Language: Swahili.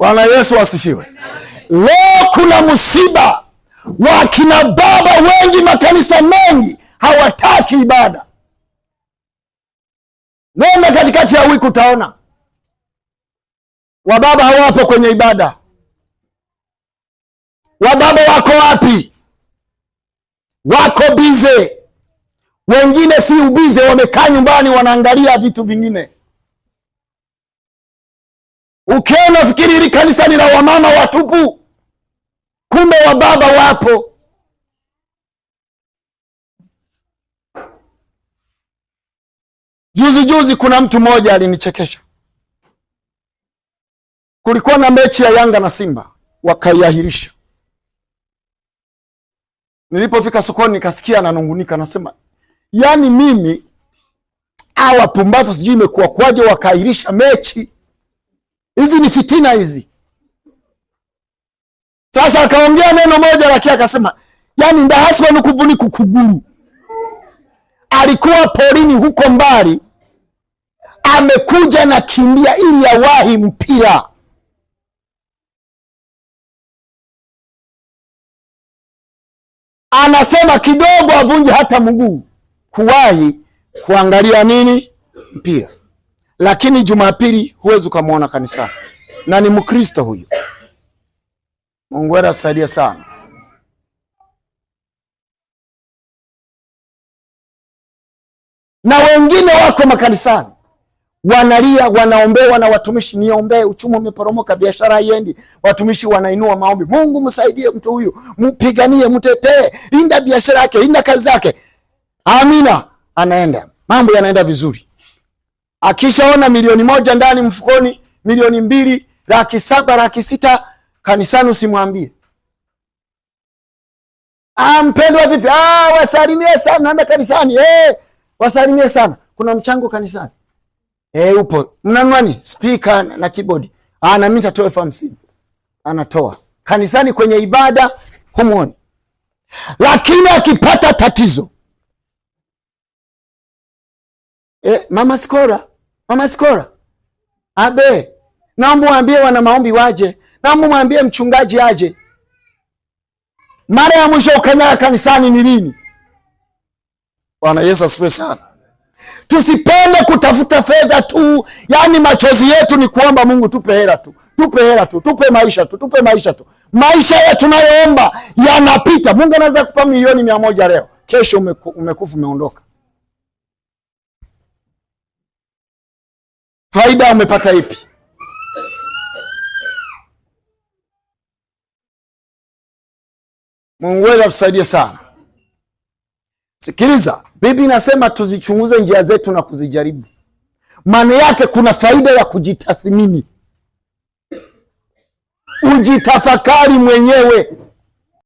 Bwana Yesu asifiwe. Leo kuna msiba wa kina baba wengi, makanisa mengi hawataki ibada. Nenda katikati ya wiki utaona wababa hawapo kwenye ibada. Wababa wako wapi? Wako bize, wengine si ubize, wamekaa nyumbani wanaangalia vitu vingine. Ukiwa unafikiri hili kanisa ni la wamama watupu, kumbe wa baba wapo. Juzi juzi kuna mtu mmoja alinichekesha. Kulikuwa na mechi ya Yanga na Simba wakaiahirisha. Nilipofika sokoni nikasikia ananungunika, nasema yaani mimi awa pumbavu sijui imekuwa kwaje wakaahirisha mechi hizi ni fitina hizi. Sasa akaongea neno moja lakini akasema, yani ndahaswa nukuvuni kukuguru. Alikuwa porini huko mbali, amekuja na kimbia ili yawahi mpira anasema kidogo avunje hata mguu kuwahi kuangalia nini mpira lakini Jumapili huwezi ukamwona kanisani, na ni Mkristo huyu. Mungu atusaidia sana. Na wengine wako makanisani wanalia, wanaombewa na watumishi, niombee, uchumi umeporomoka, biashara haiendi. Watumishi wanainua maombi, Mungu msaidie mtu huyu, mpiganie, mtetee, linda biashara yake, linda kazi zake. Amina, anaenda mambo yanaenda vizuri. Akishaona milioni moja ndani mfukoni, milioni mbili, laki saba, laki sita, kanisani usimwambie. Ah, mpendwa vipi? Ah, wasalimie sana, naenda kanisani. Eh, wasalimie sana. Kuna mchango kanisani? Eh, upo. mnanwani spika na kibodi. Ah, na mimi nitatoa elfu hamsini. Anatoa. Ah, kanisani kwenye ibada humuoni. Lakini akipata tatizo. Eh, mama Skora Mama Skora abe, naomba mwambie wana maombi waje, naomba mwambie mchungaji aje. Mara ya mwisho ukanyaga kanisani ni lini? Bwana Yesu asifiwe sana. Tusipende kutafuta fedha tu, yaani machozi yetu ni kuomba Mungu, tupe hela tu, tupe hela tu, tupe maisha tu, tupe maisha tu. Maisha yetu tunayoomba yanapita. Mungu anaweza kupa milioni mia moja leo, kesho umekufa umeondoka. faida umepata ipi? Mungu wewe atusaidie sana. Sikiliza, Biblia inasema tuzichunguze njia zetu na kuzijaribu. Maana yake kuna faida ya kujitathmini, ujitafakari mwenyewe.